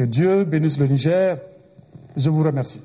Que Dieu bénisse le Niger. Je vous remercie.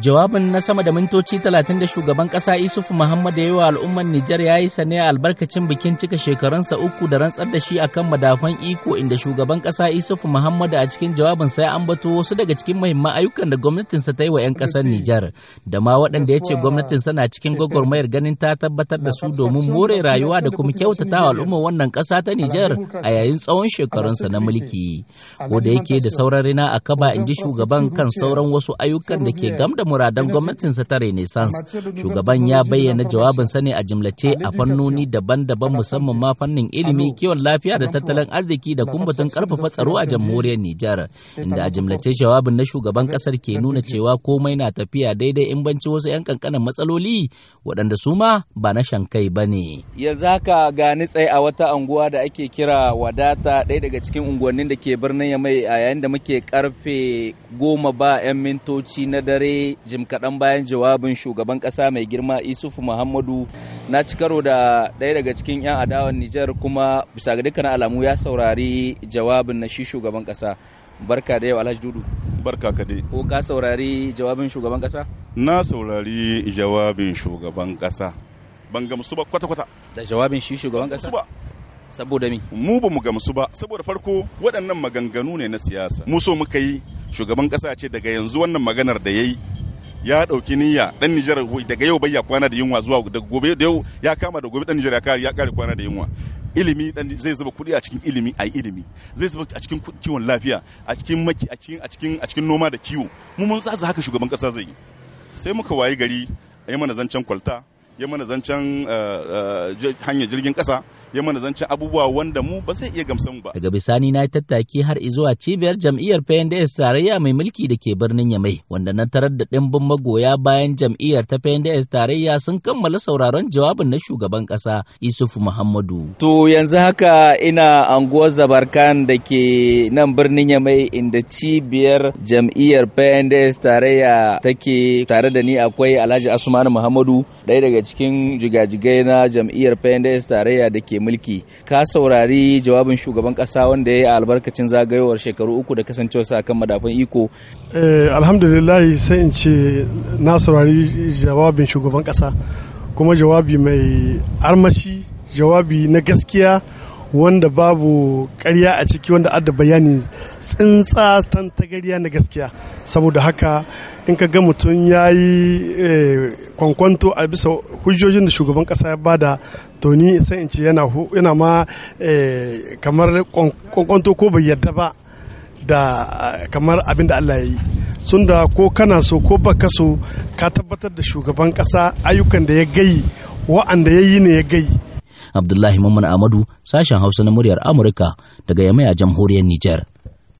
Jawabin na sama da mintoci talatin da shugaban ƙasa isuf Muhammad ya yi wa al'ummar Nijar ya yi sane a albarkacin bikin cika shekarunsa uku da rantsar da shi akan madafan iko inda shugaban ƙasa isuf Muhammad a cikin jawabin sai ya ambato wasu daga cikin muhimman ayyukan da gwamnatinsa ta yi wa 'yan ƙasar Nijar da ma waɗanda ya ce gwamnatinsa na cikin gwagwarmayar ganin ta tabbatar da su domin more rayuwa da kuma kyautata wa al'ummar wannan ƙasa ta Nijar a yayin tsawon shekarunsa na mulki. Ko da yake da sauran rina a kaba in ji shugaban kan sauran wasu ayyukan da ke gamda muradan gwamnatinsa ta Renaissance. Shugaban ya bayyana jawabinsa ne a jimlace a fannoni daban-daban musamman ma fannin ilimi, kiwon lafiya da tattalin arziki da kumbatun karfafa tsaro a jamhuriyar Nijar. Inda a jimlace jawabin na shugaban kasar ke nuna cewa komai na tafiya daidai in banci wasu 'yan kankanan matsaloli waɗanda su ma ba na shan kai ba ne. ya zaka gani tsaye a wata unguwa da ake kira wadata ɗaya daga cikin unguwannin da ke birnin Yamai a yayin da muke karfe goma ba 'yan mintoci na dare jim kaɗan bayan jawabin shugaban ƙasa mai girma isufu muhammadu na ci karo da ɗaya daga cikin 'yan adawan nijar kuma bisa ga dukkan alamu ya saurari jawabin na shi shugaban ƙasa barka da yau alhaji dudu barka ka dai ko ka saurari jawabin shugaban ƙasa na saurari jawabin shugaban ƙasa ban gamsu ba kwata-kwata da jawabin shi shugaban ƙasa saboda mi mu ba mu gamsu ba saboda farko waɗannan maganganu ne na siyasa mu so muka yi shugaban ƙasa ce daga yanzu wannan maganar da ya yi ya dauki niyya dan Nijar daga yau bai ya kwana da yunwa zuwa da gobe da yau ya kama da gobe dan Nijar ya kare ya kare kwana da yunwa ilimi dan zai zuba kuɗi a cikin ilimi ai ilimi zai zuba a cikin kiwon lafiya a cikin maki a cikin a cikin a cikin noma da kiwo mu mun tsatsa haka shugaban kasa zai yi sai muka wayi gari a yi mana zancen kwalta ya mana zancen eh, eh, hanyar jirgin ƙasa ya mana zancen abubuwa wanda mu ba zai iya gamsan ba. Daga bisani na tattaki har izuwa cibiyar jam'iyyar PNDS tarayya mai mulki da ke birnin Yamai wanda na tarar da ɗimbin magoya bayan jam'iyyar ta PNDS tarayya sun kammala sauraron jawabin na shugaban ƙasa Isufu Muhammadu. To yanzu haka ina anguwar Zabarkan da ke nan birnin Yamai inda cibiyar jam'iyyar PNDS tarayya take tare da ni akwai Alhaji Asmanu Muhammadu ɗaya daga cikin jigajigai na jam'iyyar PNDS tarayya da ke mulki. Ka saurari jawabin shugaban kasa wanda ya yi albarkacin zagayowar shekaru uku da sa kan madafin iko. Eh, alhamdulillah sai in ce na saurari jawabin shugaban kasa kuma jawabi mai armashi jawabi na gaskiya wanda babu karya a ciki wanda adda bayani tsintsa tantagariya na gaskiya saboda haka in ka ga mutum ya yi eh, kwankwanto a bisa hujjojin da shugaban kasa ya bada to ni sai in ce yana ma eh, kamar kwankwanto ko bai yarda ba da kamar abin da Allah ya yi sun da ko kana so ko baka so ka tabbatar da shugaban kasa ayyukan da ya gayi wa'anda ya yi ne ya gayi Abdullahi Mamman Amadu sashen Hausa na muryar Amurka daga Yamai a jamhuriyar Nijar.